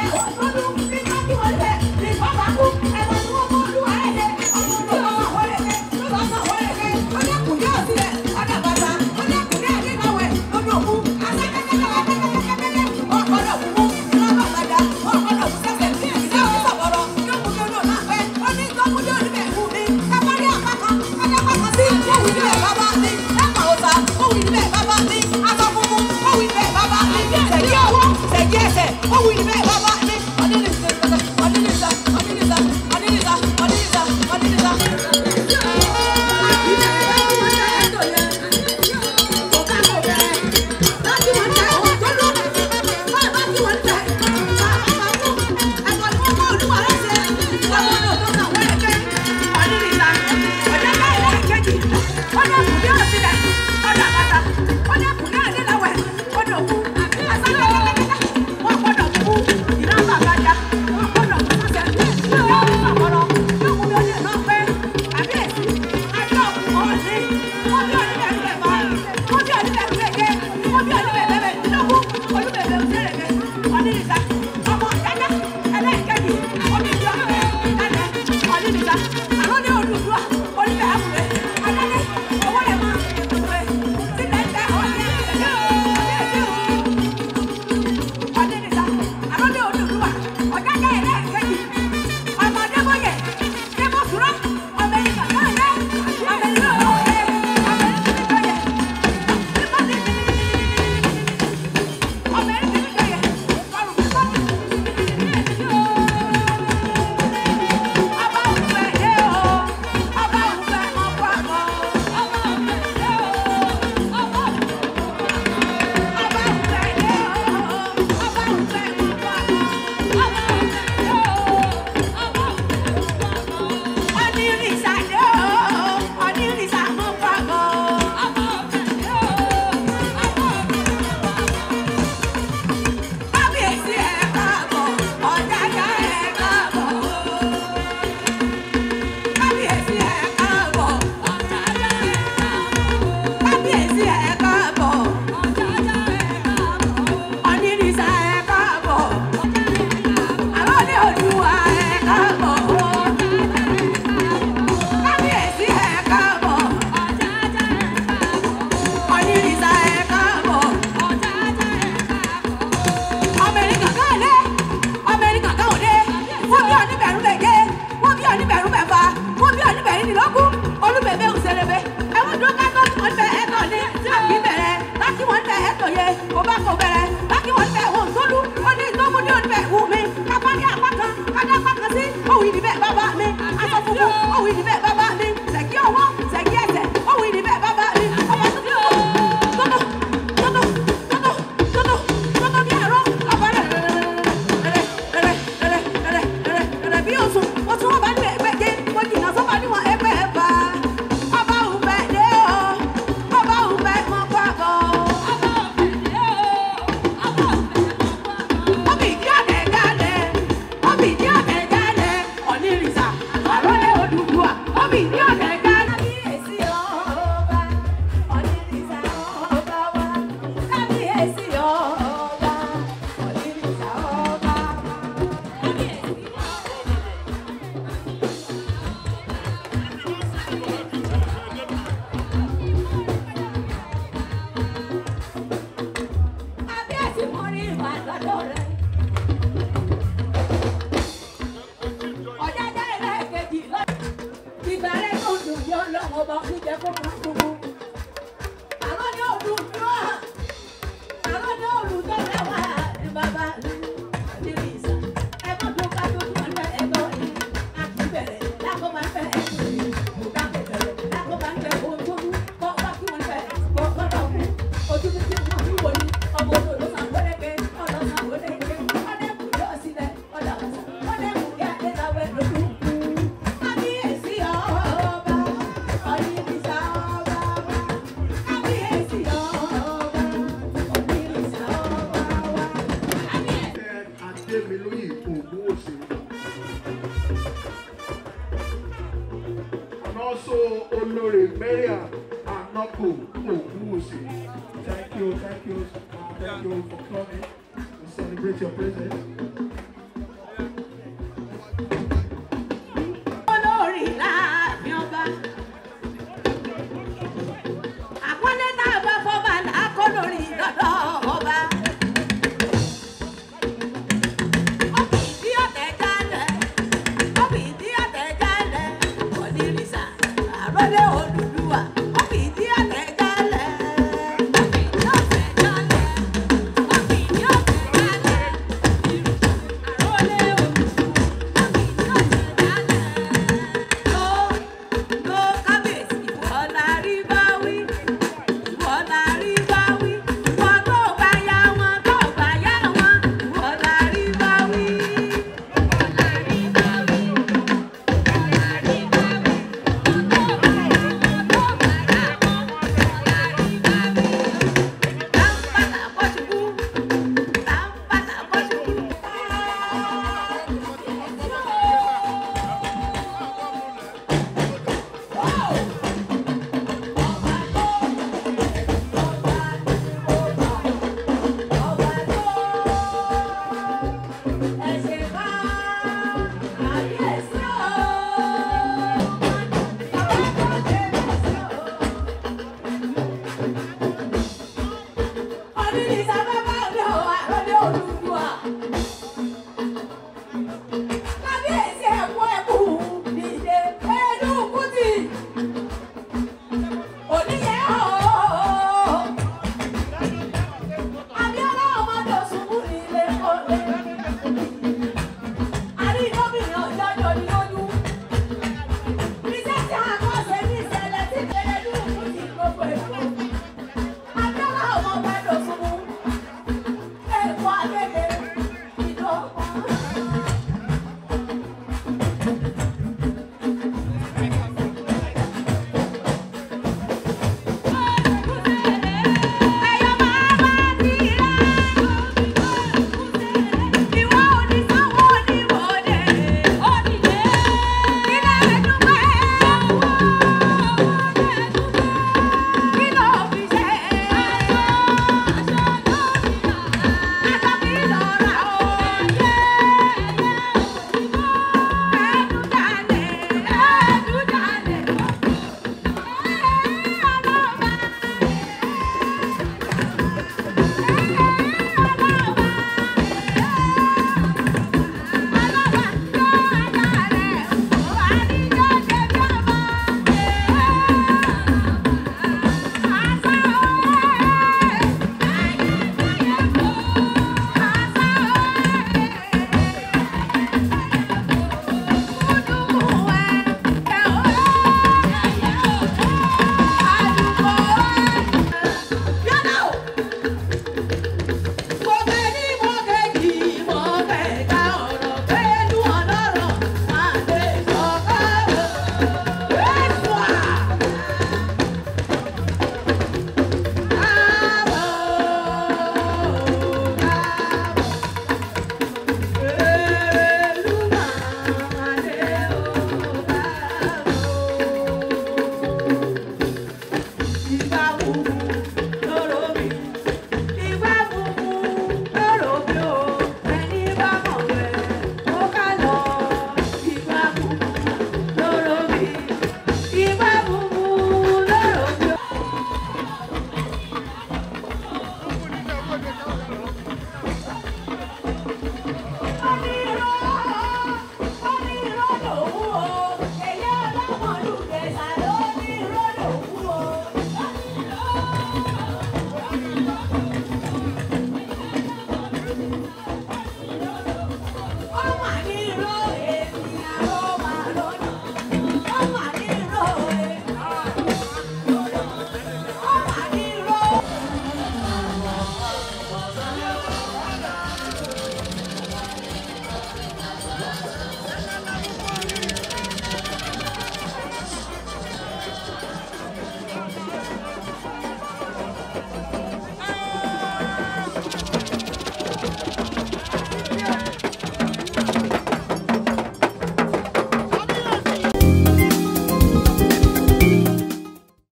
Oh, dé mi lórí ìtò Ògbówòsì. And also Olorì Maria Anako Ògbówòsì. Thank you, thank you, thank you for coming to celebrate your presence.